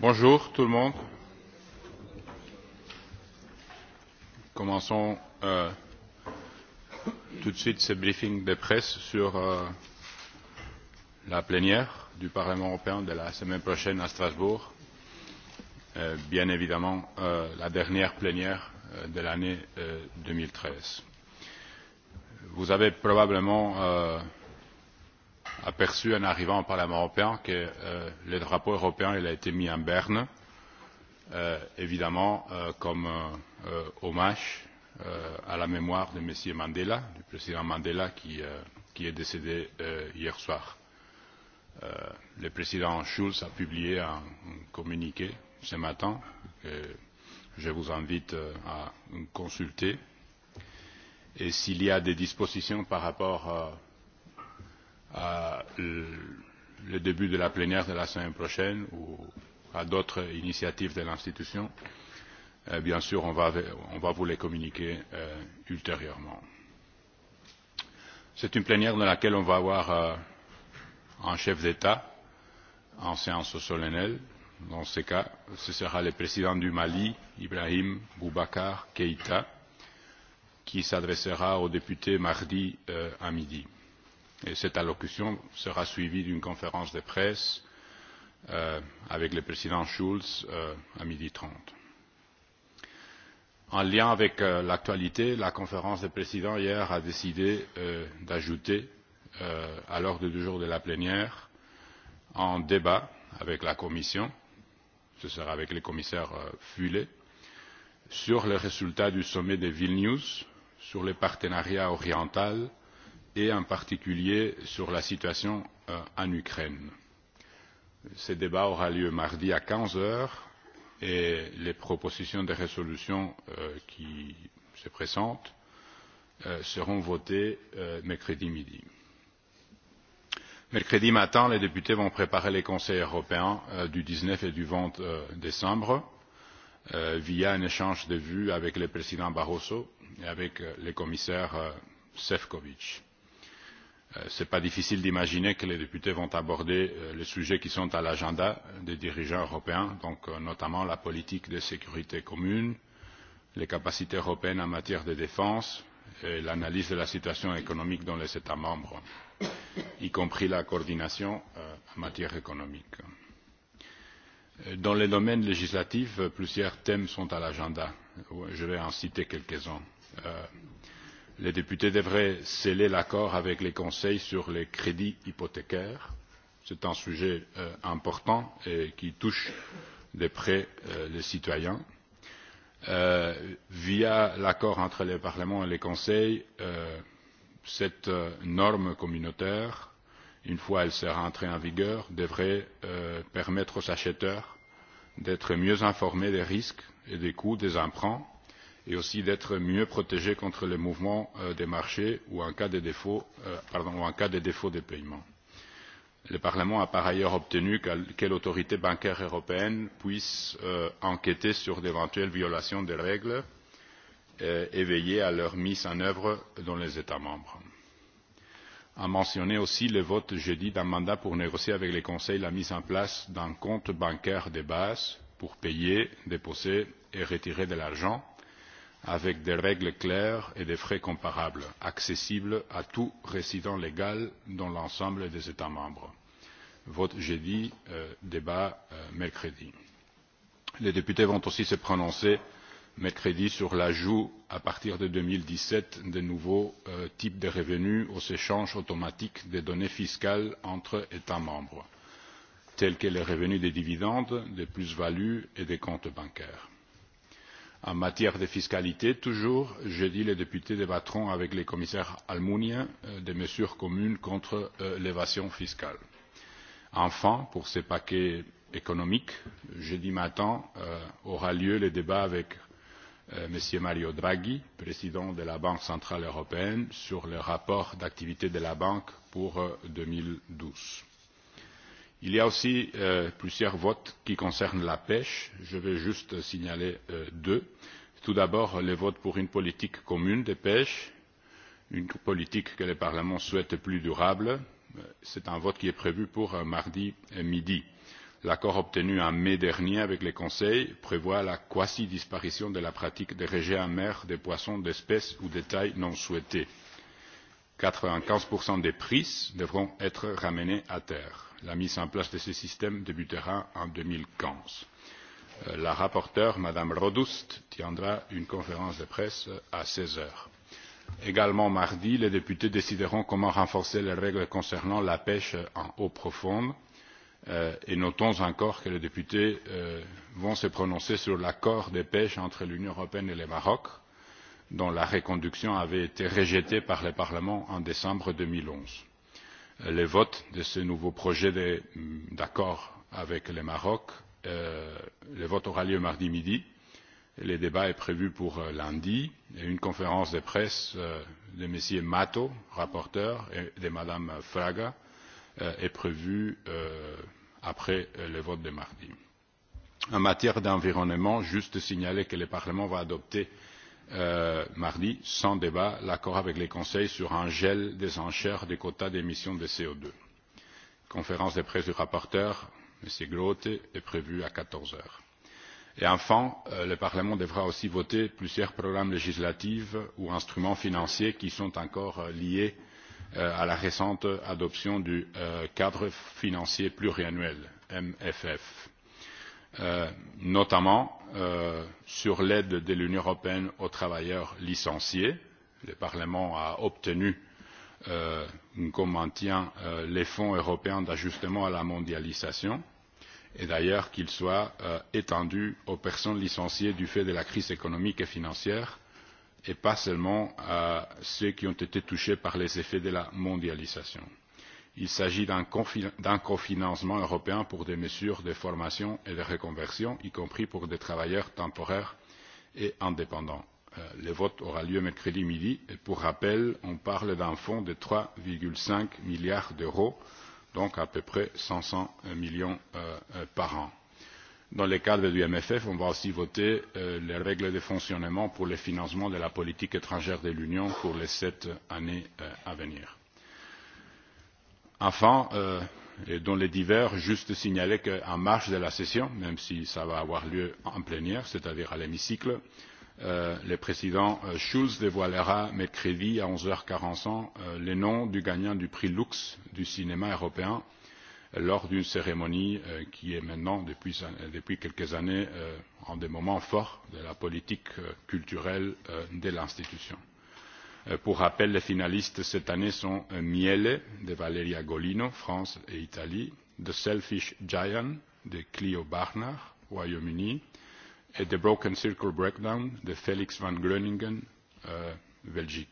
Bonjour tout le monde. Commençons tout de suite ce briefing de presse sur la plénière du Parlement européen de la semaine prochaine à Strasbourg. Bien évidemment, la dernière plénière de l'année 2013. Vous avez probablement aperçu en arrivant au Parlement européen que le drapeau européen a été mis en berne, évidemment comme hommage à la mémoire de M. Mandela, du président Mandela qui est décédé hier soir. Le président Schulz a publié un communiqué ce matin que je vous invite à consulter. Et s'il y a des dispositions par rapport à le début de la plénière de la semaine prochaine ou à d'autres initiatives de l'institution. Bien sûr, on va vous les communiquer ultérieurement. C'est une plénière dans laquelle on va avoir un chef d'État en séance solennelle. Dans ce cas, ce sera le président du Mali, Ibrahim Boubacar Keïta, qui s'adressera aux députés mardi à midi et cette allocution sera suivie d'une conférence de presse avec le président schulz à midi trente. en lien avec l'actualité la conférence des présidents hier a décidé d'ajouter à l'ordre du jour de la plénière un débat avec la commission ce sera avec le commissaire füle sur les résultats du sommet de vilnius sur les partenariats oriental et en particulier sur la situation en Ukraine. Ce débat aura lieu mardi à 15 heures et les propositions de résolution qui se présentent seront votées mercredi midi. Mercredi matin, les députés vont préparer les conseils européens du 19 et du 20 décembre via un échange de vues avec le président Barroso et avec le commissaire Sefcovic Ce n'est pas difficile d'imaginer que les députés vont aborder les sujets qui sont à l'agenda des dirigeants européens, notamment la politique de sécurité commune, les capacités européennes en matière de défense et l'analyse de la situation économique dans les États membres, y compris la coordination en matière économique. Dans les domaines législatifs, plusieurs thèmes sont à l'agenda. Je vais en citer quelques-uns les députés devraient sceller l'accord avec le conseil sur les crédits hypothécaires. c'est un sujet important et qui touche de près les citoyens. via l'accord entre le parlement et le conseil cette norme communautaire une fois elle sera entrée en vigueur devrait permettre aux acheteurs d'être mieux informés des risques et des coûts des emprunts et aussi d'être mieux protégés contre les mouvements des marchés ou en cas de défaut de paiement. Le Parlement a par ailleurs obtenu que l'autorité bancaire européenne puisse enquêter sur d'éventuelles violations des règles et veiller à leur mise en œuvre dans les États membres. A mentionné aussi le vote jeudi d'un mandat pour négocier avec le Conseil la mise en place d'un compte bancaire de base pour payer, déposer et retirer de l'argent avec des règles claires et des frais comparables, accessibles à tout résident légal dans l'ensemble des États membres. Vote jeudi, débat mercredi. Les députés vont aussi se prononcer mercredi sur l'ajout, à partir de deux mille dix sept de nouveaux types de revenus aux échanges automatiques des données fiscales entre États membres, tels que les revenus des dividendes, des plus-values et des comptes bancaires En matière de fiscalité, toujours, jeudi, les députés débattront avec les commissaires Almunia des mesures communes contre l'évasion fiscale. Enfin, pour ce paquet économique, jeudi matin aura lieu le débat avec M. Mario Draghi, président de la Banque centrale européenne, sur le rapport d'activité de la banque pour 2012. Il y a aussi plusieurs votes qui concernent la pêche. Je vais juste signaler deux. Tout d'abord, le vote pour une politique commune de pêche, une politique que le Parlement souhaite plus durable. C'est un vote qui est prévu pour mardi midi. L'accord obtenu en mai dernier avec le Conseil prévoit la quasi-disparition de la pratique des rejets en mer des poissons d'espèces ou de tailles non souhaitées. 95% des prises devront être ramenées à terre. La mise en place de ce système débutera en 2015. La rapporteure, Mme Rodust, tiendra une conférence de presse à 16 heures. Également mardi, les députés décideront comment renforcer les règles concernant la pêche en eau profonde et notons encore que les députés vont se prononcer sur l'accord de pêche entre l'Union européenne et le Maroc dont la reconduction avait été rejetée par le Parlement en décembre 2011. Le vote de ce nouveau projet d'accord avec le Maroc, le vote aura lieu mardi midi. Le débat est prévu pour lundi et une conférence de presse de M. Mato, rapporteur, et de Mme Fraga est prévue après le vote de mardi. En matière d'environnement, juste signaler que le Parlement va adopter mardi, sans débat, l'accord avec les Conseils sur un gel des enchères des quotas d'émission de CO2. Conférence des presse du rapporteur, M. Grote, est prévue à 14 heures. Et enfin, le Parlement devra aussi voter plusieurs programmes législatifs ou instruments financiers qui sont encore liés à la récente adoption du cadre financier pluriannuel, MFF. Notamment, sur l'aide de l'Union européenne aux travailleurs licenciés. Le Parlement a obtenu qu'on maintient les fonds européens d'ajustement à la mondialisation et d'ailleurs qu'ils soient étendus aux personnes licenciées du fait de la crise économique et financière et pas seulement à ceux qui ont été touchés par les effets de la mondialisation. Il s'agit d'un cofinancement européen pour des mesures de formation et de reconversion, y compris pour des travailleurs temporaires et indépendants. Le vote aura lieu mercredi midi. Et pour rappel, on parle d'un fonds de 3,5 milliards d'euros, donc à peu près 500 millions par an. Dans le cadre du MFF, on va aussi voter les règles de fonctionnement pour le financement de la politique étrangère de l'Union pour les sept années à venir. Enfin, et dans les divers, juste signaler qu'en marge de la session, même si cela va avoir lieu en plénière, c'est-à-dire à l'hémicycle, le président Schulz dévoilera mercredi à 11h45 le nom du gagnant du prix Lux du cinéma européen lors d'une cérémonie qui est maintenant, depuis quelques années, un des moments forts de la politique culturelle de l'institution. Pour rappel, les finalistes cette année sont Miele de Valeria Golino, France et Italie, The Selfish Giant de Clio Barnard, Royaume-Uni, et The Broken Circle Breakdown de Felix van Groeningen, Belgique.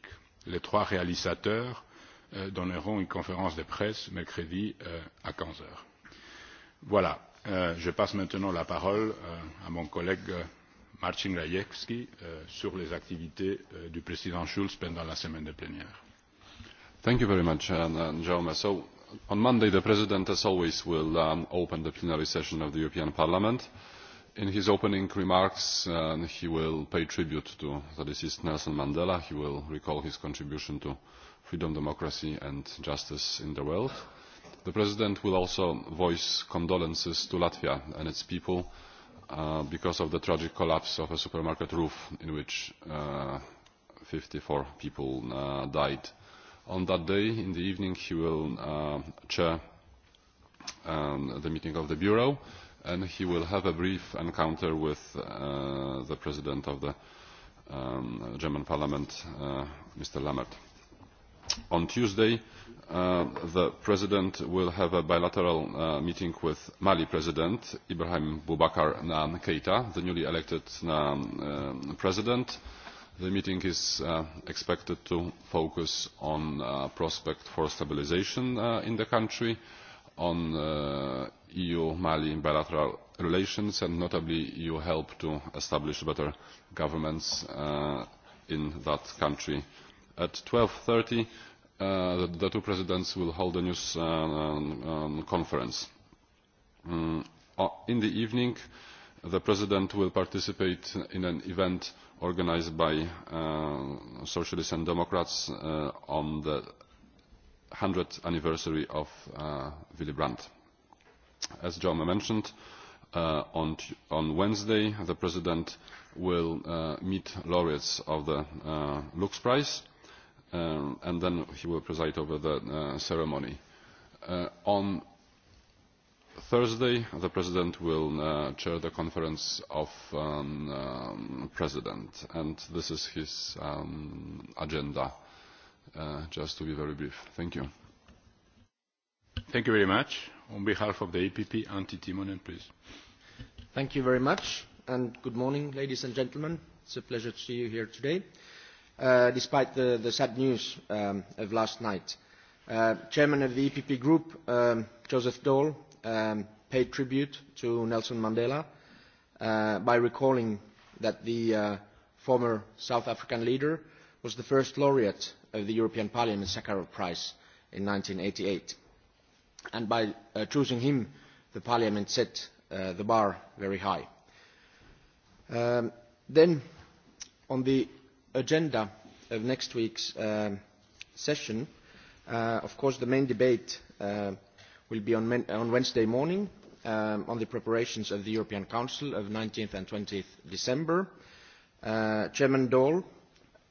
Les trois réalisateurs donneront une conférence de presse mercredi à 15 heures. Voilà. Je passe maintenant la parole à mon collègue Marcin Gajewski sur les activités du président Schulz pendant la semaine de plénière. Thank you very much, Jaume. So, on Monday, the President, as always, will open the plenary session of the European Parliament. In his opening remarks, he will pay tribute to the deceased Nelson Mandela. He will recall his contribution to freedom, democracy, and justice in the world. The President will also voice condolences to Latvia and its people because of the tragic collapse of a supermarket roof in which 54 people died. On that day, in the evening, he will chair the meeting of the Bureau and he will have a brief encounter with the President of the German Parliament, Mr. Lammert. On Tuesday, the President will have a bilateral meeting with Mali President Ibrahim Boubacar Keita, the newly elected President. The meeting is expected to focus on prospect for stabilisation in the country, on EU-Mali bilateral relations and notably EU help to establish better governments in that country. At 12.30 the two presidents will hold a news conference. In the evening, the president will participate in an event organized by Socialists and Democrats on the 100th anniversary of Willy Brandt. As John mentioned, on Wednesday, the president will meet laureates of the Lux Prize and then he will preside over the ceremony. On Thursday, the President will chair the Conference of President, and this is his agenda, just to be very brief. Thank you. Thank you very much. On behalf of the EPP, Antti Timonen, please. Thank you very much, and good morning, ladies and gentlemen. It's a pleasure to see you here today despite the sad news of last night. Chairman of the EPP Group, Joseph Daul, paid tribute to Nelson Mandela by recalling that the former South African leader was the first laureate of the European Parliament Sakharov Prize in 1988. And by choosing him, the Parliament set the bar very high. Then, on the agenda of next week's session, of course, the main debate will be on Wednesday morning on the preparations of the European Council of 19th and 20th December. Chairman Daul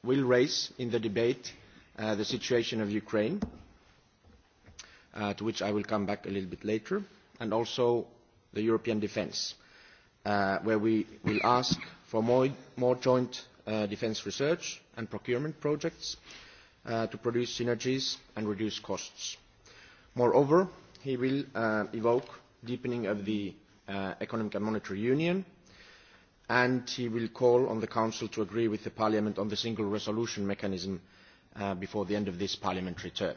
will raise in the debate the situation of Ukraine, to which I will come back a little bit later, and also the European defence, where we will ask for more joint defence research and procurement projects to produce synergies and reduce costs. Moreover, he will evoke deepening of the Economic and Monetary Union and he will call on the Council to agree with the Parliament on the single resolution mechanism before the end of this parliamentary term.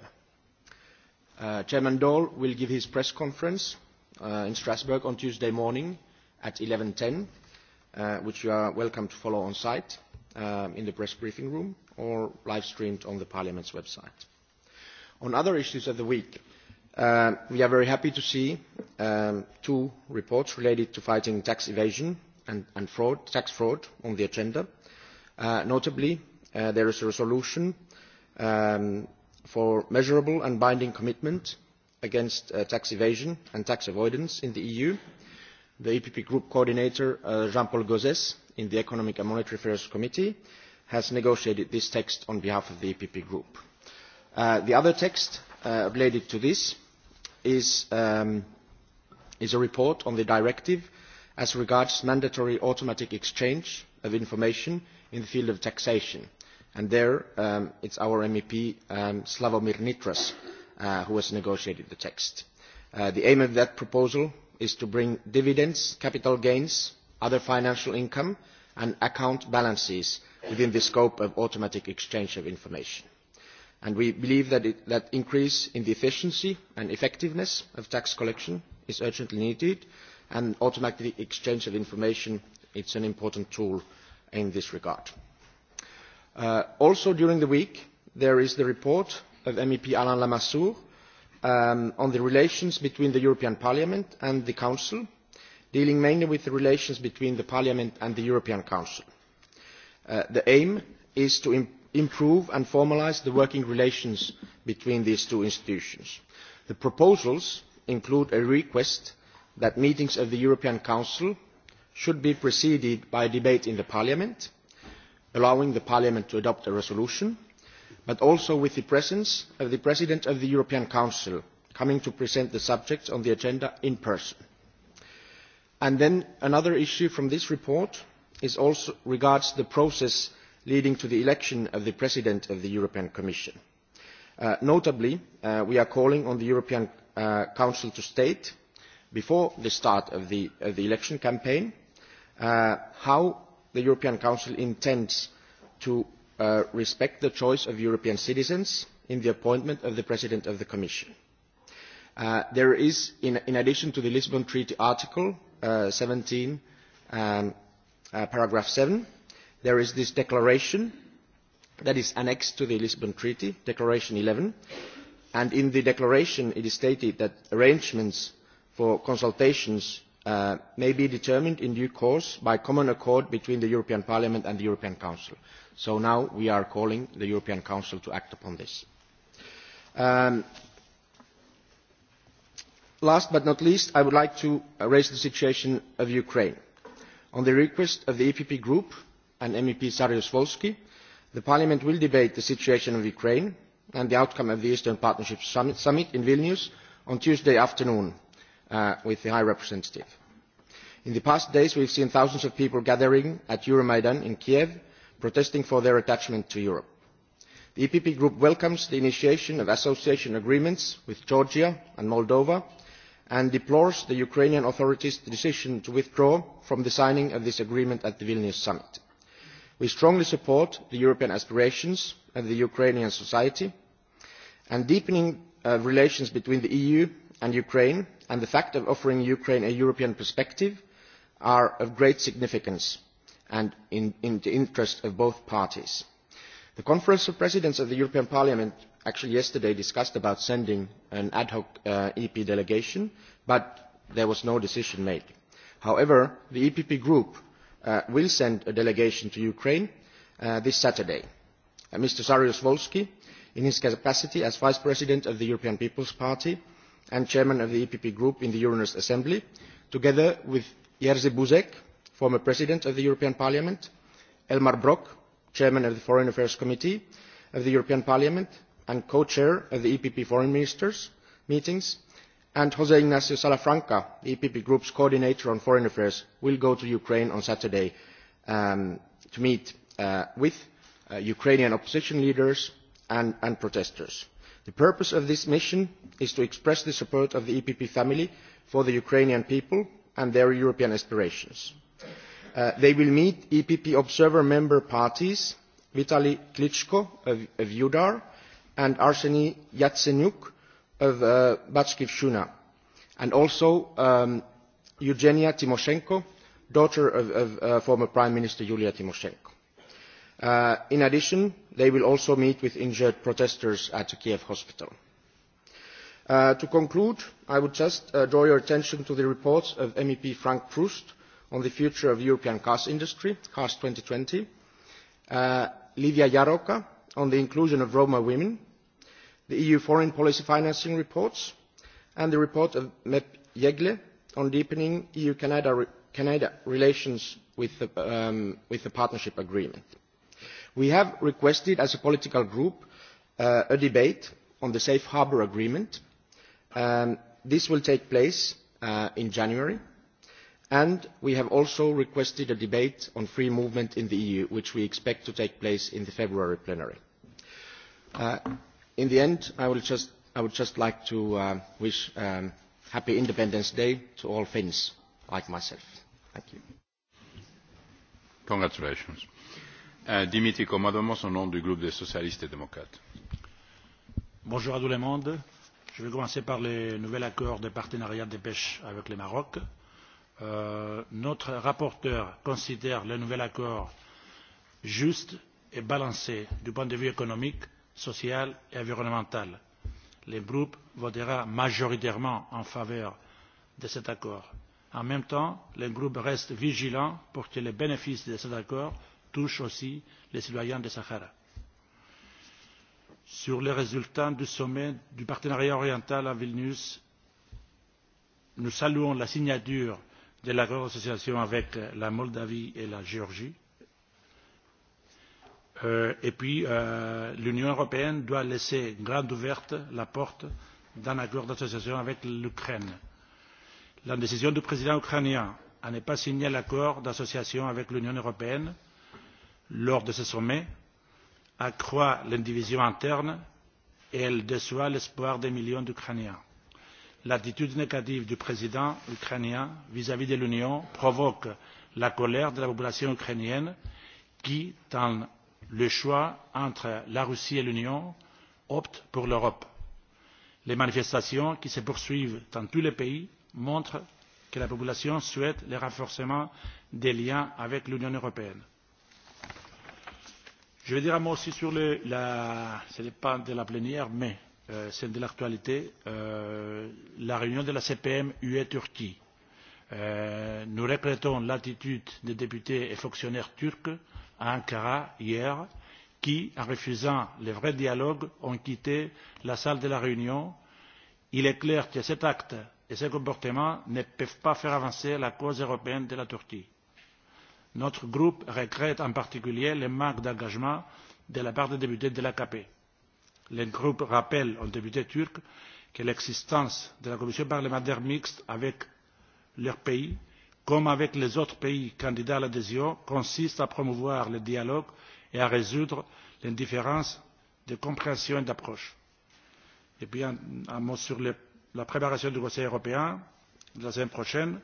Chairman Daul will give his press conference in Strasbourg on Tuesday morning at 11.10, which you are welcome to follow on site in the press briefing room or live streamed on the Parliament's website. On other issues of the week, we are very happy to see two reports related to fighting tax evasion and tax fraud on the agenda. Notably, there is a resolution for measurable and binding commitment against tax evasion and tax avoidance in the EU the EPP Group Coordinator, Jean-Paul Gauzès, in the Economic and Monetary Affairs Committee, has negotiated this text on behalf of the EPP Group. The other text related to this is a report on the directive as regards mandatory automatic exchange of information in the field of taxation. And there it is our MEP, Slavomir Nitras, who has negotiated the text. The aim of that proposal is to bring dividends, capital gains, other financial income and account balances within the scope of automatic exchange of information. And we believe that increase in the efficiency and effectiveness of tax collection is urgently needed and automatic exchange of information is an important tool in this regard. Also during the week there is the report of MEP Alain Lamassoure on the relations between the European Parliament and the Council, dealing mainly with the relations between the Parliament and the European Council. The aim is to improve and formalise the working relations between these two institutions. The proposals include a request that meetings of the European Council should be preceded by a debate in Parliament, allowing Parliament to adopt a resolution but also with the presence of the President of the European Council coming to present the subjects on the agenda in person. then another issue from this report regards the process leading to the election of the President of the European Commission. Notably, we are calling on the European Council to state, before the start of the election campaign, how the European Council intends to respect the choice of European citizens in the appointment of the President of the Commission. There is, in addition to the Lisbon Treaty Article 17, paragraph 7, there is this declaration that is annexed to the Lisbon Treaty, Declaration 11, and in the declaration it is stated that arrangements for consultations may be determined in due course by common accord between the European Parliament and the European Council. So now we are calling the European Council to act upon this. Last but not least, I would like to raise the situation of Ukraine. On the request of the EPP Group and MEP Sarius Wolski, the Parliament will debate the situation of Ukraine and the outcome of the Eastern Partnership Summit in Vilnius on Tuesday afternoon with the High Representative. In the past days we have seen thousands of people gathering at Euromaidan in Kiev protesting for their attachment to Europe. The EPP Group welcomes the initiation of association agreements with Georgia and Moldova and deplores the Ukrainian authorities' decision to withdraw from the signing of this agreement at the Vilnius summit. We strongly support the European aspirations of the Ukrainian society, and deepening relations between the EU and Ukraine and the fact of offering Ukraine a European perspective are of great significance and in the interest of both parties. The Conference of Presidents of the European Parliament actually yesterday discussed about sending an ad hoc EP delegation, but there was no decision made. However, the EPP Group will send a delegation to Ukraine this Saturday. Mr Saryusz Wolski, in his capacity as Vice President of the European People's Party and Chairman of the EPP Group in the Euronest Assembly, together with Jerzy Buzek former President of the European Parliament, Elmar Brok, Chairman of the Foreign Affairs Committee of the European Parliament and co-chair of the EPP Foreign Ministers' meetings, and José Ignacio Salafranca, the EPP Group's coordinator on foreign affairs, will go to Ukraine on Saturday to meet with Ukrainian opposition leaders and protesters. The purpose of this mission is to express the support of the EPP family for the Ukrainian people and their European aspirations. They will meet EPP observer member parties Vitaly Klitschko of Udar and Arseniy Yatsenyuk of Batskivshuna, and also Eugenia Timoshenko, daughter of former Prime Minister Yulia Timoshenko. In addition, they will also meet with injured protesters at the Kiev hospital. To conclude, I would just draw your attention to the reports of MEP Frank Proust on the future of European cars industry, Cars 2020, Livia Jaroka on the inclusion of Roma women, the EU foreign policy financing reports, and the report of MEP Jegle on deepening EU-Canada relations with the partnership agreement. We have requested as a political group a debate on the Safe Harbour Agreement. This will take place in January and we have also requested a debate on free movement in the eu which we expect to take place in the february plenary. in the end i would just like to wish happy independence day to all finns like myself. thank you. congratulations. dimitri komadamos au nom du groupe des socialistes et démocrates. bonjour à tout le monde. je vais commencer par le nouvel accord de partenariat de pêche avec le maroc notre rapporteur considère le nouvel accord juste et balancé du point de vue économique, social et environnemental. Le groupe votera majoritairement en faveur de cet accord. En même temps, le groupe reste vigilant pour que les bénéfices de cet accord touchent aussi les citoyens de Sahara. Sur les résultats du sommet du partenariat oriental à Vilnius, nous saluons la signature de l'accord d'association avec la Moldavie et la Géorgie. Et puis, l'Union européenne doit laisser grande ouverte la porte d'un accord d'association avec l'Ukraine. La décision du président ukrainien à ne pas signer l'accord d'association avec l'Union européenne lors de ce sommet accroît l'indivision interne et elle déçoit l'espoir des millions d'Ukrainiens. L'attitude négative du président ukrainien vis-à-vis de l'Union provoque la colère de la population ukrainienne qui, dans le choix entre la Russie et l'Union, opte pour l'Europe. Les manifestations qui se poursuivent dans tous les pays montrent que la population souhaite le renforcement des liens avec l'Union européenne. Je vais dire un mot aussi sur le... Ce de la plénière, mais celle de l'actualité, la réunion de la CPM UE-Turquie. Nous regrettons l'attitude des députés et fonctionnaires turcs à Ankara hier, qui, en refusant le vrai dialogue, ont quitté la salle de la réunion. Il est clair que cet acte et ce comportement ne peuvent pas faire avancer la cause européenne de la Turquie. Notre groupe regrette en particulier le manque d'engagement de la part des députés de l'AKP Le groupe rappelle aux députés turcs que l'existence de la commission parlementaire mixte avec leur pays, comme avec les autres pays candidats à l'adhésion, consiste à promouvoir le dialogue et à résoudre les différences de compréhension et d'approche. Et puis un mot sur la préparation du Conseil européen de la semaine prochaine.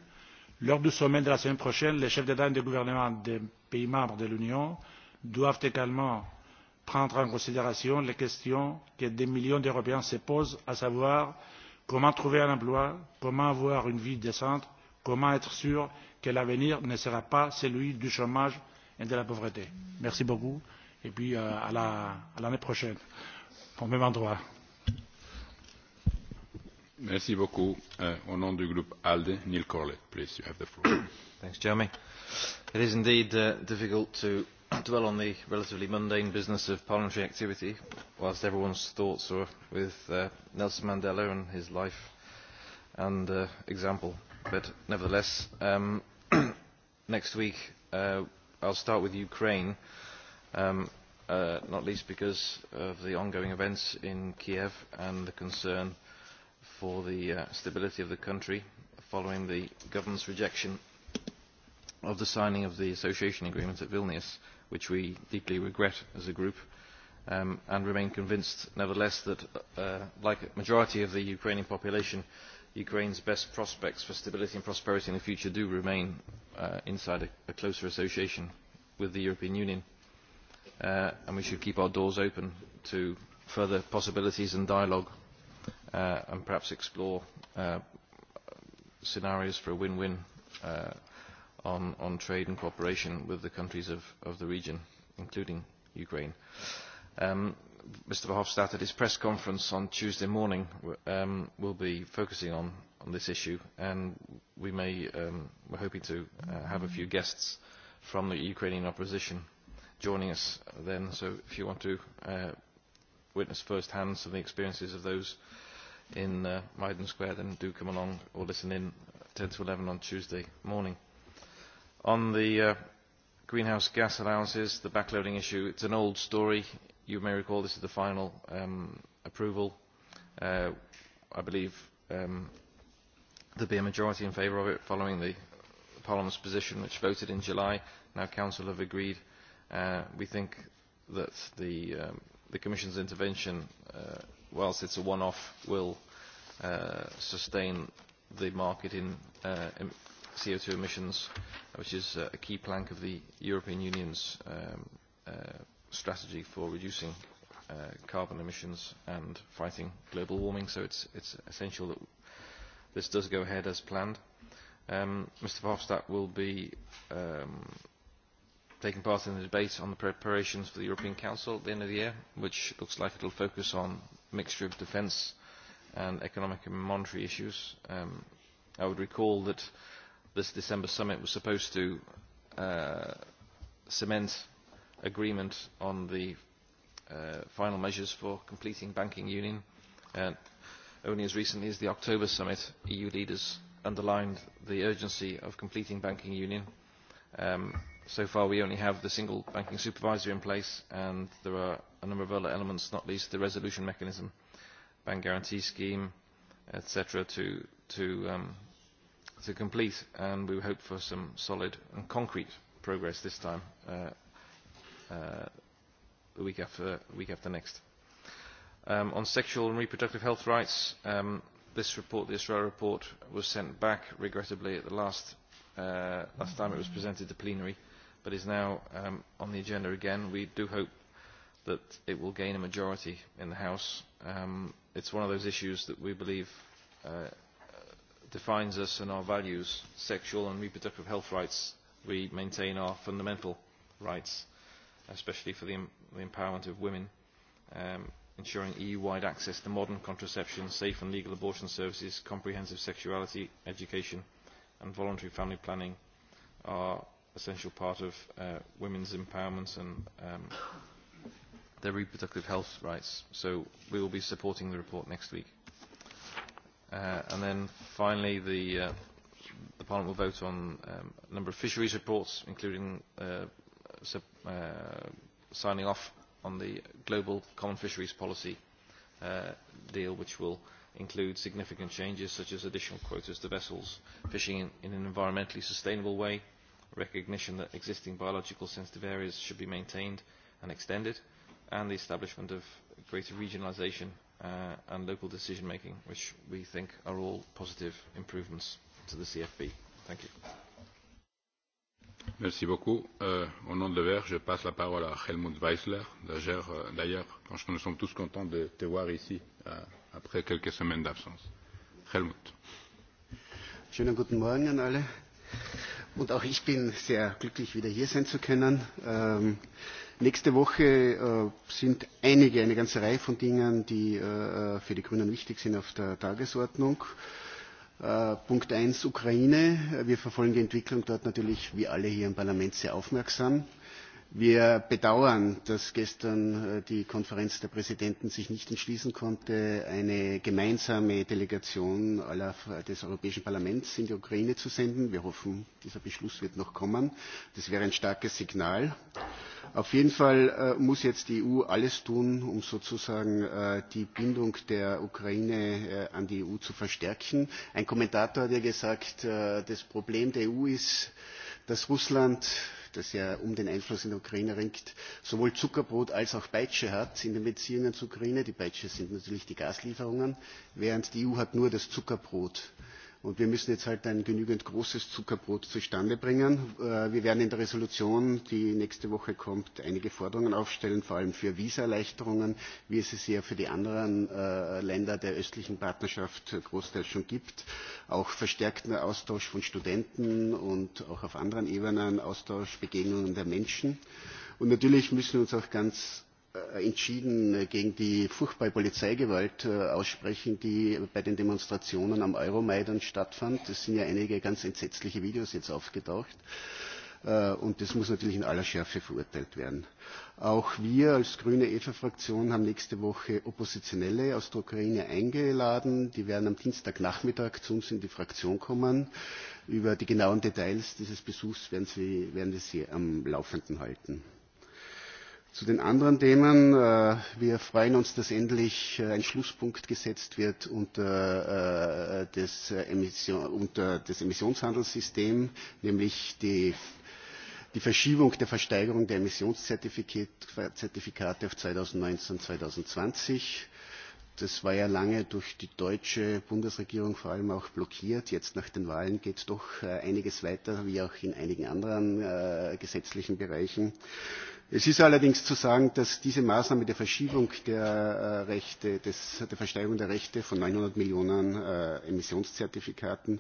Lors du sommet de la semaine prochaine, les chefs d'État et de gouvernement des pays membres de l'Union doivent également prendre en considération les questions que des millions d'Européens se posent, à savoir comment trouver un emploi, comment avoir une vie décente, comment être sûr que l'avenir ne sera pas celui du chômage et de la pauvreté. Merci beaucoup et puis à l'année prochaine, au même endroit. Merci beaucoup. Au nom du groupe ALDE, Neil Corlett, please, you have the floor. Thanks, Jeremy. It is indeed difficult to dwell on the relatively mundane business of parliamentary activity, whilst everyone's thoughts are with Nelson Mandela and his life and example. But nevertheless, next week I'll start with Ukraine, not least because of the ongoing events in Kiev and the concern for the stability of the country following the government's rejection of the signing of the association agreement at Vilnius which we deeply regret as a group and remain convinced nevertheless that like a majority of the ukrainian population ukraine's best prospects for stability and prosperity in the future do remain inside a closer association with the european union and we should keep our doors open to further possibilities and dialogue and perhaps explore scenarios for a win win on trade and cooperation with the countries of the region, including Ukraine. Mr Verhofstadt at his press conference on Tuesday morning will be focusing on this issue and we may we're hoping to have a few guests from the Ukrainian opposition joining us then. So if you want to witness first hand some of the experiences of those in Maidan Square then do come along or listen in 10 to 11 on Tuesday morning. On the greenhouse gas allowances, the backloading issue, it's an old story. You may recall this is the final approval. I believe there'll be a majority in favour of it following the Parliament's position, which voted in July. Now Council have agreed. We think that the Commission's intervention, whilst it's a one-off, will sustain the market in CO2 emissions, which is a key plank of the European Union's strategy for reducing carbon emissions and fighting global warming. So it's essential that this does go ahead as planned. Mr. Verhofstadt will be taking part in the debate on the preparations for the European Council at the end of the year, which looks like it will focus on a mixture of defence and economic and monetary issues. I would recall that this December summit was supposed to cement agreement on the final measures for completing banking union. And only as recently as the October summit, EU leaders underlined the urgency of completing banking union. So far we only have the single banking supervisor in place and there are a number of other elements, not least the resolution mechanism, bank guarantee scheme, etc. to to complete, and we hope for some solid and concrete progress this time, uh the week after week after next. Um On sexual and reproductive health rights, um this report, the Israel report, was sent back, regrettably, at the last last time it was presented to plenary, but is now um on the agenda again. We do hope that it will gain a majority in the House. Um It's one of those issues that we believe defines us and our values, sexual and reproductive health rights, we maintain our fundamental rights, especially for the empowerment of women, ensuring EU-wide access to modern contraception, safe and legal abortion services, comprehensive sexuality education and voluntary family planning are essential part of women's empowerment and their reproductive health rights. So we will be supporting the report next week. And then finally, the Parliament will vote on a number of fisheries reports, including signing off on the Global Common Fisheries Policy deal, which will include significant changes such as additional quotas to vessels fishing in an environmentally sustainable way, recognition that existing biological sensitive areas should be maintained and extended, and the establishment of greater regionalisation and local decision making, which we think are all positive improvements to the CFP. Thank you. Merci beaucoup. Au nom de Vert, je passe la parole à Helmut Weisler. D'ailleurs, nous sommes tous contents de te voir ici après quelques semaines d'absence. Helmut. Schönen guten Morgen an alle. Und auch ich bin sehr glücklich, wieder hier sein zu können. Nächste Woche sind einige, eine ganze Reihe von Dingen, die für die Grünen wichtig sind, auf der Tagesordnung. Punkt 1, Ukraine. Wir verfolgen die Entwicklung dort natürlich, wie alle hier im Parlament, sehr aufmerksam. Wir bedauern, dass gestern die Konferenz der Präsidenten sich nicht entschließen konnte, eine gemeinsame Delegation des Europäischen Parlaments in die Ukraine zu senden. Wir hoffen, dieser Beschluss wird noch kommen. Das wäre ein starkes Signal. Auf jeden Fall muss jetzt die EU alles tun, um sozusagen die Bindung der Ukraine an die EU zu verstärken. Ein Kommentator hat ja gesagt, das Problem der EU ist, dass Russland das ja um den Einfluss in der Ukraine ringt, sowohl Zuckerbrot als auch Peitsche hat in den Beziehungen zur Ukraine. Die Peitsche sind natürlich die Gaslieferungen, während die EU hat nur das Zuckerbrot. Und wir müssen jetzt halt ein genügend großes Zuckerbrot zustande bringen. Wir werden in der Resolution, die nächste Woche kommt, einige Forderungen aufstellen, vor allem für Visaerleichterungen, wie es es ja für die anderen Länder der östlichen Partnerschaft großteils schon gibt. Auch verstärkten Austausch von Studenten und auch auf anderen Ebenen Austausch, Begegnungen der Menschen. Und natürlich müssen wir uns auch ganz entschieden gegen die furchtbare Polizeigewalt aussprechen, die bei den Demonstrationen am Euromaidan stattfand. Es sind ja einige ganz entsetzliche Videos jetzt aufgetaucht. Und das muss natürlich in aller Schärfe verurteilt werden. Auch wir als grüne EFA-Fraktion haben nächste Woche Oppositionelle aus der Ukraine eingeladen. Die werden am Dienstagnachmittag zu uns in die Fraktion kommen. Über die genauen Details dieses Besuchs werden wir Sie am Laufenden halten. Zu den anderen Themen. Wir freuen uns, dass endlich ein Schlusspunkt gesetzt wird unter das Emissionshandelssystem, nämlich die Verschiebung der Versteigerung der Emissionszertifikate auf 2019, 2020. Das war ja lange durch die deutsche Bundesregierung vor allem auch blockiert. Jetzt nach den Wahlen geht es doch einiges weiter, wie auch in einigen anderen gesetzlichen Bereichen. Es ist allerdings zu sagen, dass diese Maßnahme der Verschiebung der Rechte, der Versteigerung der Rechte von 900 Millionen Emissionszertifikaten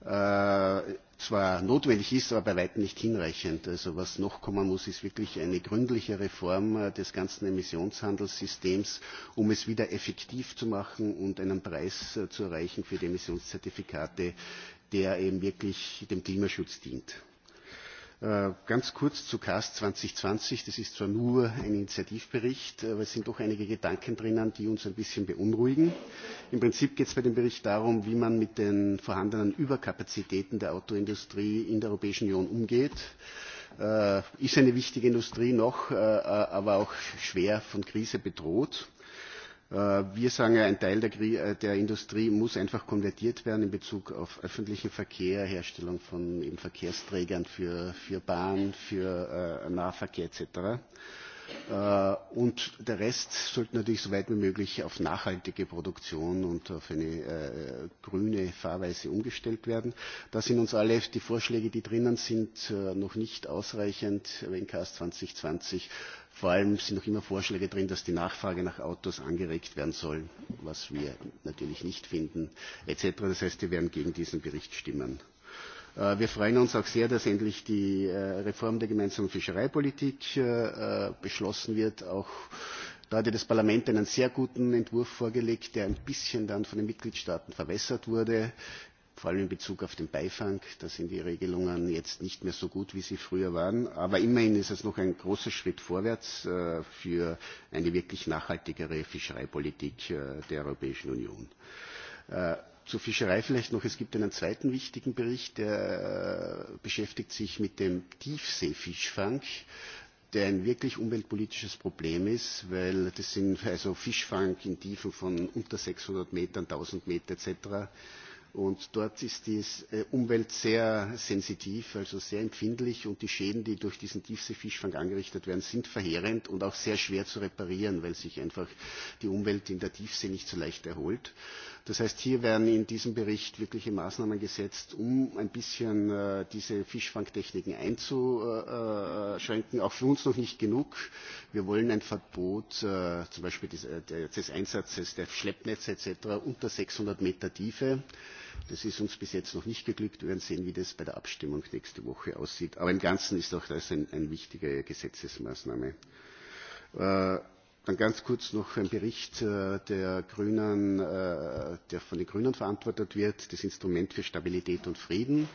zwar notwendig ist, aber bei weitem nicht hinreichend. Also was noch kommen muss, ist wirklich eine gründliche Reform des ganzen Emissionshandelssystems, um es wieder effektiv zu machen und einen Preis zu erreichen für die Emissionszertifikate, der eben wirklich dem Klimaschutz dient. Ganz kurz zu cars 2020. Das ist zwar nur ein Initiativbericht, aber es sind doch einige Gedanken drinnen, die uns ein bisschen beunruhigen. Im Prinzip geht es bei dem Bericht darum, wie man mit den vorhandenen Überkapazitäten der Autoindustrie in der Europäischen Union umgeht ist eine wichtige Industrie noch, aber auch schwer von Krise bedroht. Wir sagen ja, ein Teil der Industrie muss einfach konvertiert werden in Bezug auf öffentlichen Verkehr, Herstellung von Verkehrsträgern für Bahn, für Nahverkehr etc. Und der Rest sollte natürlich so weit wie möglich auf nachhaltige Produktion und auf eine grüne Fahrweise umgestellt werden. Da sind uns alle die Vorschläge, die drinnen sind, noch nicht ausreichend. Wenn CAS 2020 vor allem sind noch immer Vorschläge drin, dass die Nachfrage nach Autos angeregt werden soll, was wir natürlich nicht finden, etc. Das heißt, wir werden gegen diesen Bericht stimmen. Wir freuen uns auch sehr, dass endlich die Reform der gemeinsamen Fischereipolitik beschlossen wird. Auch da hat das Parlament einen sehr guten Entwurf vorgelegt, der ein bisschen dann von den Mitgliedstaaten verwässert wurde, vor allem in Bezug auf den Beifang. Da sind die Regelungen jetzt nicht mehr so gut, wie sie früher waren. Aber immerhin ist es noch ein großer Schritt vorwärts für eine wirklich nachhaltigere Fischereipolitik der Europäischen Union. Zur Fischerei vielleicht noch. Es gibt einen zweiten wichtigen Bericht, der beschäftigt sich mit dem Tiefseefischfang, der ein wirklich umweltpolitisches Problem ist, weil das sind also Fischfang in Tiefen von unter 600 Metern, 1000 Metern etc. Und dort ist die Umwelt sehr sensitiv, also sehr empfindlich und die Schäden, die durch diesen Tiefseefischfang angerichtet werden, sind verheerend und auch sehr schwer zu reparieren, weil sich einfach die Umwelt in der Tiefsee nicht so leicht erholt. Das heißt, hier werden in diesem Bericht wirkliche Maßnahmen gesetzt, um ein bisschen diese Fischfangtechniken einzuschränken. Auch für uns noch nicht genug. Wir wollen ein Verbot zum Beispiel des Einsatzes der Schleppnetze etc. unter 600 Meter Tiefe. Das ist uns bis jetzt noch nicht geglückt. Wir werden sehen, wie das bei der Abstimmung nächste Woche aussieht. Aber im Ganzen ist auch das eine wichtige Gesetzesmaßnahme. Dann ganz kurz noch ein Bericht der Grünen, der von den Grünen verantwortet wird, das Instrument für Stabilität und Frieden.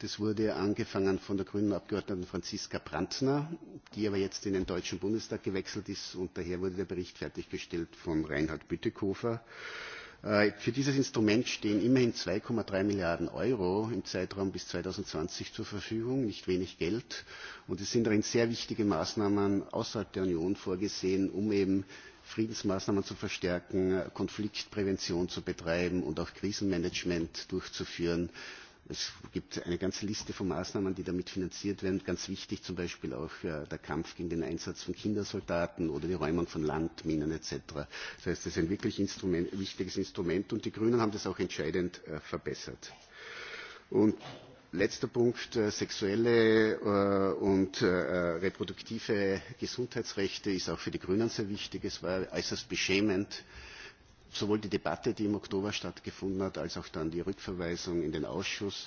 Das wurde angefangen von der grünen Abgeordneten Franziska Brandner, die aber jetzt in den Deutschen Bundestag gewechselt ist, und daher wurde der Bericht fertiggestellt von Reinhard Bütikofer. Für dieses Instrument stehen immerhin 2,3 Milliarden Euro im Zeitraum bis 2020 zur Verfügung, nicht wenig Geld. Und es sind darin sehr wichtige Maßnahmen außerhalb der Union vorgesehen, um eben Friedensmaßnahmen zu verstärken, Konfliktprävention zu betreiben und auch Krisenmanagement durchzuführen Es gibt eine ganze Liste von Maßnahmen, die damit finanziert werden. Ganz wichtig zum Beispiel auch der Kampf gegen den Einsatz von Kindersoldaten oder die Räumung von Landminen etc. Das heißt, es ist ein wirklich wichtiges Instrument und die Grünen haben das auch entscheidend verbessert. Und letzter Punkt, sexuelle und reproduktive Gesundheitsrechte ist auch für die Grünen sehr wichtig. Es war äußerst beschämend sowohl die Debatte, die im Oktober stattgefunden hat, als auch dann die Rückverweisung in den Ausschuss.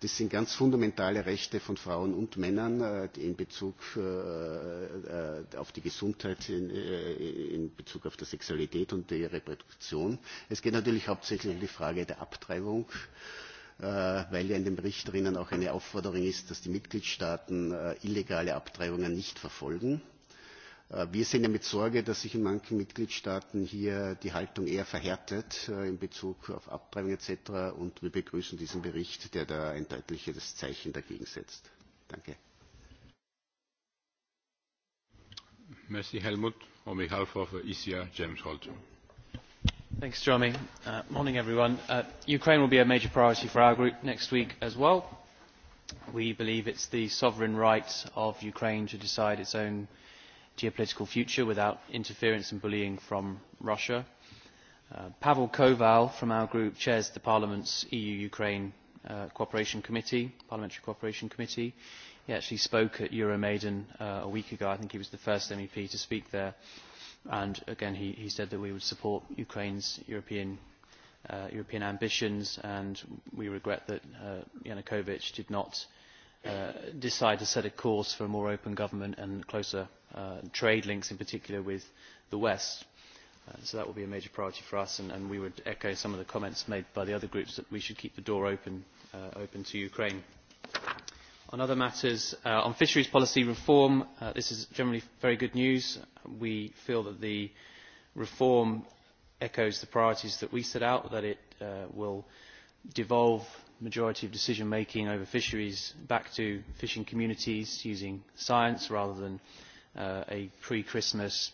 Das sind ganz fundamentale Rechte von Frauen und Männern in Bezug auf die Gesundheit, in Bezug auf die Sexualität und die Reproduktion. Es geht natürlich hauptsächlich um die Frage der Abtreibung weil ja in dem Bericht auch eine Aufforderung ist, dass die Mitgliedstaaten illegale Abtreibungen nicht verfolgen Wir sehen ja mit Sorge, dass sich in manchen Mitgliedstaaten hier die Haltung eher verhärtet in Bezug auf Abtreibung etc. Und wir begrüßen diesen Bericht, der da ein deutliches Zeichen dagegen setzt. Danke. Merci Helmut. On behalf of James Holter. Thanks, Jeremy. morning, everyone. Ukraine will be a major priority for our group next week as well. We believe it's the sovereign right of Ukraine to decide its own geopolitical future without interference and bullying from Russia. Pavel Koval from our group chairs the Parliament's EU-Ukraine Cooperation Committee, Parliamentary Cooperation Committee. He actually spoke at Euromaidan a week ago. I think he was the first MEP to speak there. And again, he, he said that we would support Ukraine's European, European ambitions, and we regret that Yanukovych did not decide to set a course for a more open government and closer trade links in particular with the West. So that will be a major priority for us and we would echo some of the comments made by the other groups that we should keep the door open to Ukraine. On other matters, on fisheries policy reform, this is generally very good news. We feel that the reform echoes the priorities that we set out, that it will devolve majority of decision making over fisheries back to fishing communities using science rather than a pre Christmas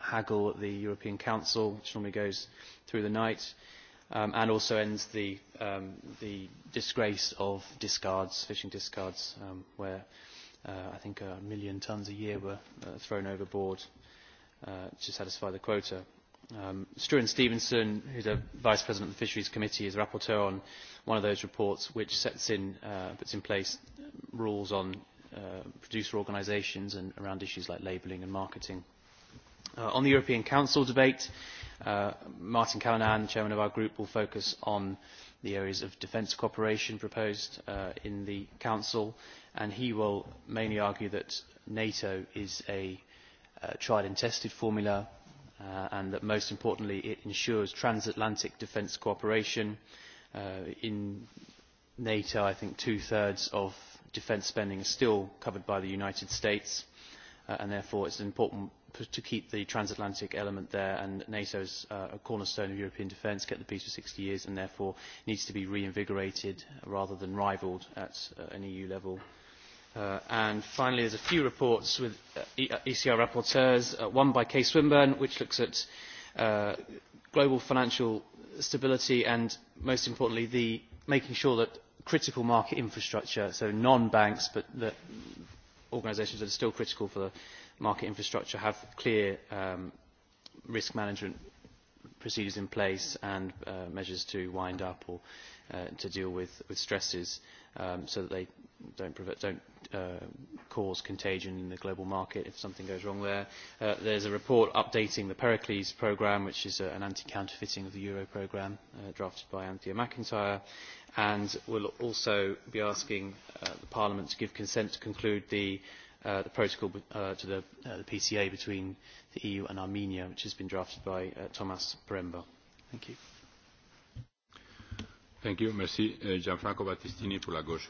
haggle at the European Council, which normally goes through the night, and also ends the disgrace of discards, fishing discards, where I think a million tonnes a year were thrown overboard to satisfy the quota. Struan Stevenson, who is a Vice President of the Fisheries Committee, is rapporteur on one of those reports which sets in, puts in place rules on producer organisations and around issues like labelling and marketing. On the European Council debate, Martin Callanan, Chairman of our group, will focus on the areas of defence cooperation proposed in the Council, and he will mainly argue that NATO is a tried and tested formula and that most importantly it ensures transatlantic defence cooperation. In NATO, I think two-thirds of defence spending is still covered by the United States, and therefore it's important to keep the transatlantic element there, and NATO is a cornerstone of European defence, get the peace for 60 years, and therefore needs to be reinvigorated rather than rivalled at an EU level And finally, there's a few reports with ECR rapporteurs, one by Kay Swinburne, which looks at global financial stability and, most importantly, the making sure that critical market infrastructure, so non-banks, but organisations that are still critical for the market infrastructure, have clear risk management procedures in place and measures to wind up or to deal with stresses so that they don't cause contagion in the global market if something goes wrong there. There's a report updating the Pericles program which is an anti-counterfeiting of the Euro programme drafted by Anthea McIntyre, and we'll also be asking the Parliament to give consent to conclude the protocol to the PCA between the EU and Armenia, which has been drafted by Thomas Peremba. Thank you. Thank you. Merci. Gianfranco Battistini pour la gauche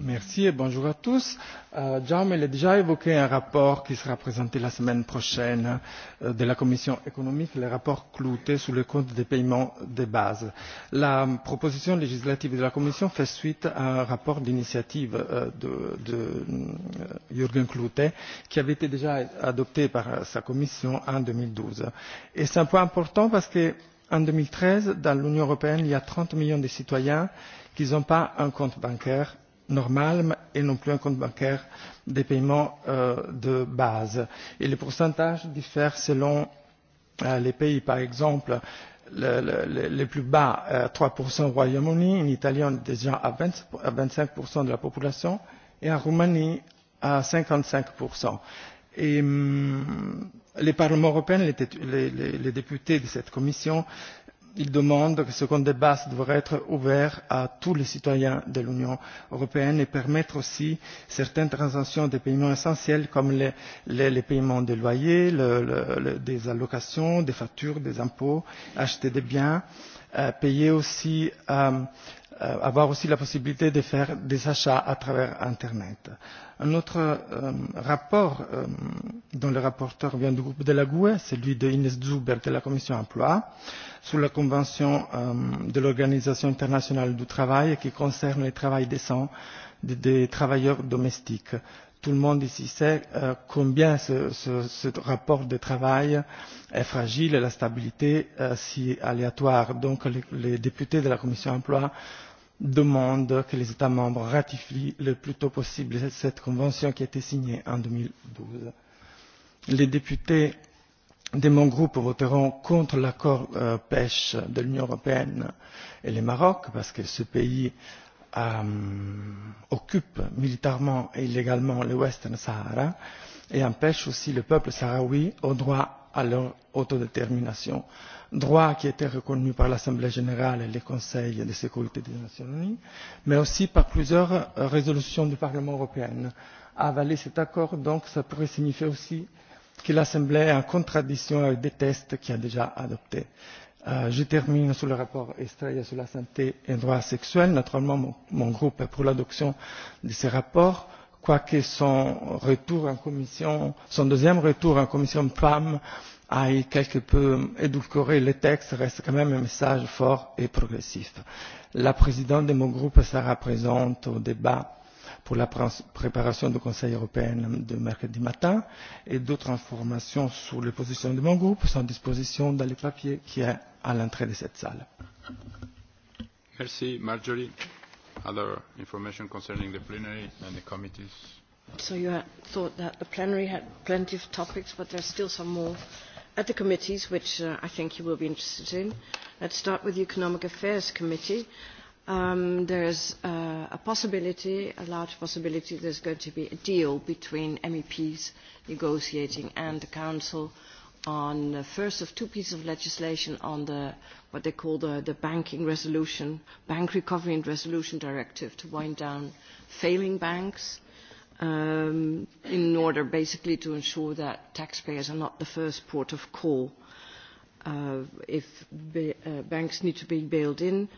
Merci et bonjour à tous. Euh, Jaume a déjà évoqué un rapport qui sera présenté la semaine prochaine de la Commission économique, le rapport clouté sur le compte des paiements de base. La proposition législative de la Commission fait suite à un rapport d'initiative de, de Jürgen Clouté qui avait été déjà adopté par sa Commission en 2012. Et c'est un point important parce que en 2013, dans l'Union européenne, il y a 30 millions de citoyens qui n'ont pas un compte bancaire normal et non plus un compte bancaire des paiements de base. Et les pourcentages diffèrent selon les pays. Par exemple, les plus bas, 3% au Royaume-Uni, en Italie, on est déjà à 25% de la population, et en Roumanie, à 55%. Et le Parlement européen, les députés de cette commission il demande que ce compte de base devrait être ouvert à tous les citoyens de l'Union européenne et permettre aussi certaines transactions de paiement essentiels comme les paiements des loyers, des allocations, des factures, des impôts, acheter des biens, payer aussi avoir aussi la possibilité de faire des achats à travers Internet. Un autre rapport dont le rapporteur vient du groupe de la GUE, celui de Ines Zuber de la Commission emploi, sur la Convention de l'Organisation internationale du travail qui concerne le travail décent des travailleurs domestiques. Tout le monde ici sait combien ce rapport de travail est fragile et la stabilité si aléatoire. Donc les députés de la Commission emploi demande que les États membres ratifient le plus tôt possible cette convention qui a été signée en 2012. Les députés de mon groupe voteront contre l'accord pêche de l'Union européenne et le Maroc parce que ce pays occupe militairement et illégalement le Western Sahara et empêche aussi le peuple sahraoui au droit à leur autodétermination, droit qui était reconnu par l'Assemblée générale et le Conseil de sécurité des Nations unies, mais aussi par plusieurs résolutions du Parlement européen. Avaler cet accord, donc, cela pourrait signifier aussi que l'Assemblée est en contradiction avec des textes qu'elle a déjà adoptés. Je termine sur le rapport estrela sur la santé et les droits sexuels. Naturellement, mon groupe est pour l'adoption de ce rapport quoique son retour en commission, son deuxième retour en commission PAM aille quelque peu édulcoré le texte, reste quand même un message fort et progressif. La présidente de mon groupe sera présente au débat pour la préparation du Conseil européen de mercredi matin et d'autres informations sur les positions de mon groupe sont à disposition dans les papiers qui est à l'entrée de cette salle. Merci Marjorie other information concerning the plenary and the committees? So you thought that the plenary had plenty of topics, but there's still some more at the committees, which I think you will be interested in. Let's start with the Economic Affairs Committee. There is a possibility, a large possibility, there's going to be a deal between MEPs negotiating and the Council on the first of two pieces of legislation on the what they call the the banking resolution bank recovery and resolution directive to wind down failing banks in order basically to ensure that taxpayers are not the first port of call if banks need to be bailed in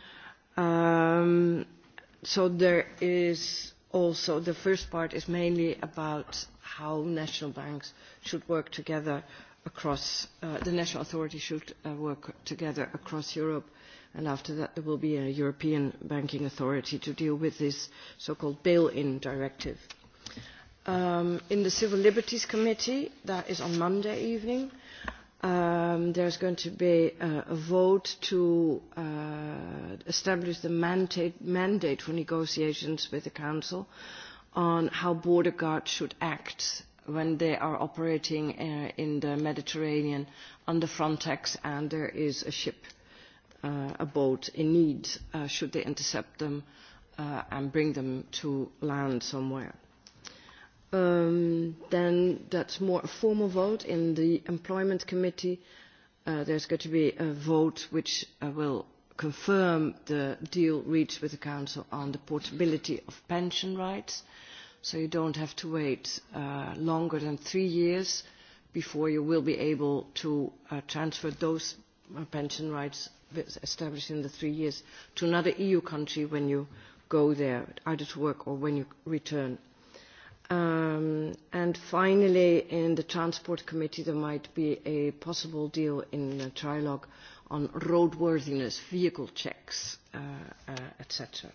so there is also the first part is mainly about how national banks should work together across the national authorities should work together across Europe and after that there will be a European banking authority to deal with this so-called bail-in directive. In the Civil Liberties Committee, that is on Monday evening, there is going to be a vote to establish the mandate for negotiations with the Council on how border guards should act when they are operating in the Mediterranean under Frontex and there is a ship, a boat in need, should they intercept them and bring them to land somewhere. Then that's more a formal vote in the Employment Committee. There's going to be a vote which will confirm the deal reached with the Council on the portability of pension rights so you don't have to wait longer than three years before you will be able to transfer those pension rights established in the three years to another EU country when you go there, either to work or when you return. And finally, in the Transport Committee, there might be a possible deal in the trilogue on roadworthiness, vehicle checks, etc.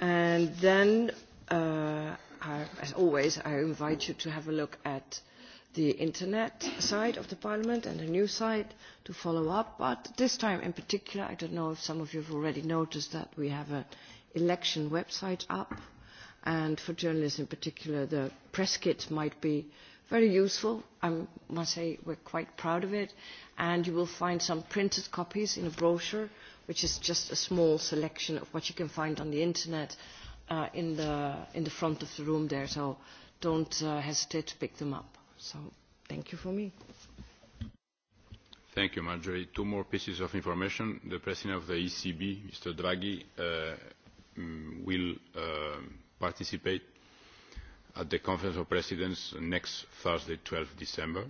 And then As always, I invite you to have a look at the internet side of the Parliament and the new site to follow up. But this time in particular, I don't know if some of you have already noticed that we have an election website up, and for journalists in particular, the press kit might be very useful. I must say we're quite proud of it, and you will find some printed copies in a brochure, which is just a small selection of what you can find on the internet in the front of the room there, so don't hesitate to pick them up. So thank you for me. Thank you, Marjorie. Two more pieces of information. The President of the ECB, Mr. Draghi, will participate at the Conference of Presidents next Thursday, 12 December.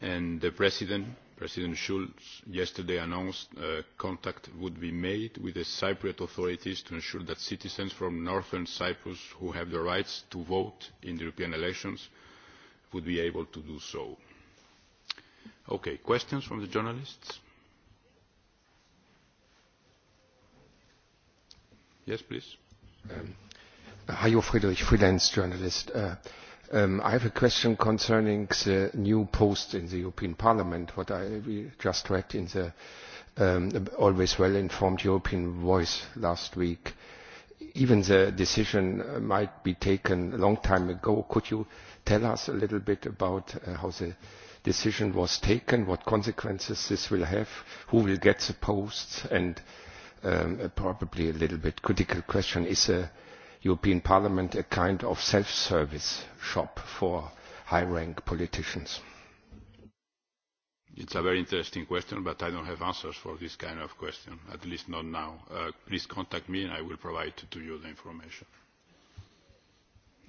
And the President President Schulz yesterday announced contact would be made with the Cypriot authorities to ensure that citizens from northern Cyprus who have the rights to vote in the European elections would be able to do so. Okay, questions from the journalists? Yes, please. Hajo Friedrich, freelance journalist. I have a question concerning the new post in the European Parliament, what I just read in the always well-informed European Voice last week. Even the decision might be taken a long time ago. Could you tell us a little bit about how the decision was taken, what consequences this will have, who will get the posts, and probably a little bit critical question, is European Parliament a kind of self-service shop for high-rank politicians? It's a very interesting question, but I don't have answers for this kind of question, at least not now. Please contact me and I will provide to you the information.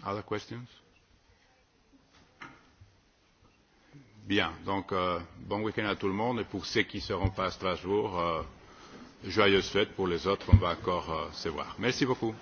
Other questions? Bien, donc bon week-end à tout le monde et pour ceux qui ne seront pas à Strasbourg, joyeuses fêtes pour les autres, on va encore se voir. Merci beaucoup.